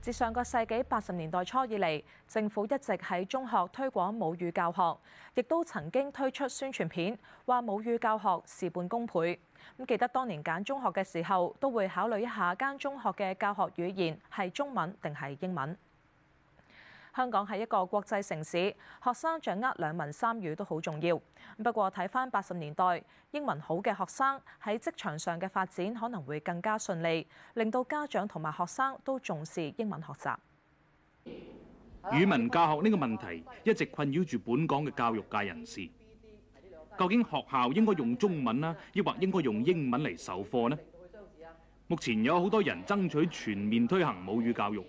自上個世紀八十年代初以嚟，政府一直喺中學推廣母語教學，亦都曾經推出宣傳片，話母語教學事半功倍。咁記得當年揀中學嘅時候，都會考慮一下間中學嘅教學語言係中文定係英文。香港係一個國際城市，學生掌握兩文三語都好重要。不過睇返八十年代，英文好嘅學生喺職場上嘅發展可能會更加順利，令到家長同埋學生都重視英文學習。語文教學呢個問題一直困擾住本港嘅教育界人士。究竟學校應該用中文呀，抑或應該用英文嚟授課呢？目前有好多人爭取全面推行母語教育。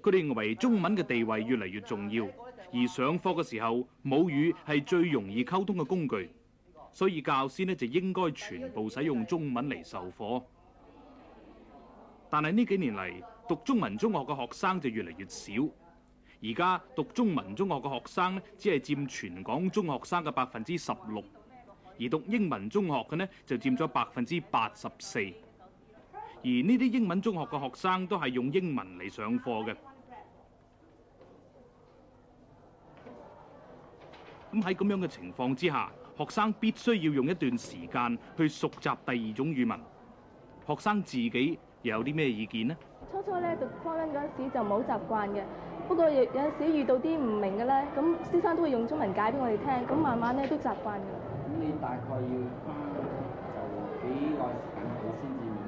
佢哋認為中文嘅地位越嚟越重要，而上課嘅時候，母語係最容易溝通嘅工具，所以教師呢就應該全部使用中文嚟授課。但係呢幾年嚟，讀中文中學嘅學生就越嚟越少，而家讀中文中學嘅學生呢只係佔全港中學生嘅百分之十六，而讀英文中學嘅呢就佔咗百分之八十四。而呢啲英文中學嘅學生都係用英文嚟上課嘅，咁喺咁樣嘅情況之下，學生必須要用一段時間去熟習第二種語文。學生自己又有啲咩意見呢？初初咧讀科嗰陣時就冇習慣嘅，不過有有陣時遇到啲唔明嘅咧，咁先生都會用中文解俾我哋聽，咁慢慢咧都習慣嘅。咁你大概要就幾耐時間你先至？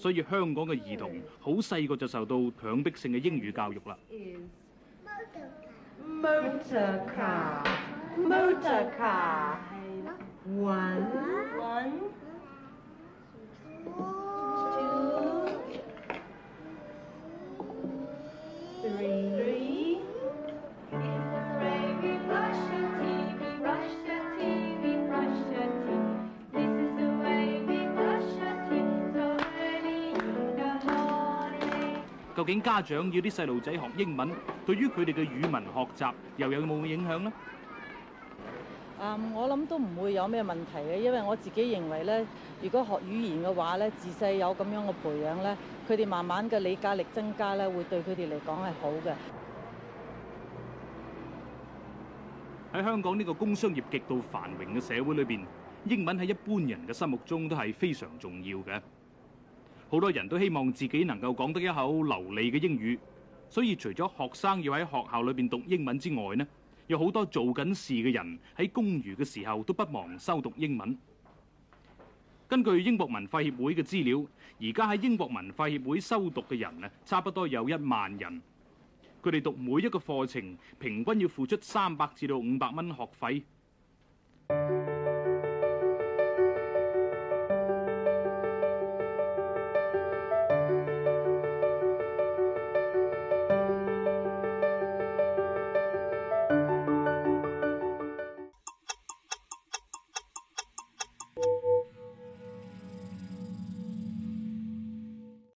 所以香港嘅兒童好細個就受到強迫性嘅英語教育啦。究竟家長要啲細路仔學英文，對於佢哋嘅語文學習又有冇影響呢？誒，um, 我諗都唔會有咩問題嘅，因為我自己認為咧，如果學語言嘅話咧，自細有咁樣嘅培養咧，佢哋慢慢嘅理解力增加咧，會對佢哋嚟講係好嘅。喺香港呢個工商業極度繁榮嘅社會裏邊，英文喺一般人嘅心目中都係非常重要嘅。好多人都希望自己能夠講得一口流利嘅英語，所以除咗學生要喺學校裏邊讀英文之外，呢有好多做緊事嘅人喺工餘嘅時候都不忘修讀英文。根據英國文化協會嘅資料，而家喺英國文化協會修讀嘅人呢，差不多有一萬人。佢哋讀每一個課程，平均要付出三百至到五百蚊學費。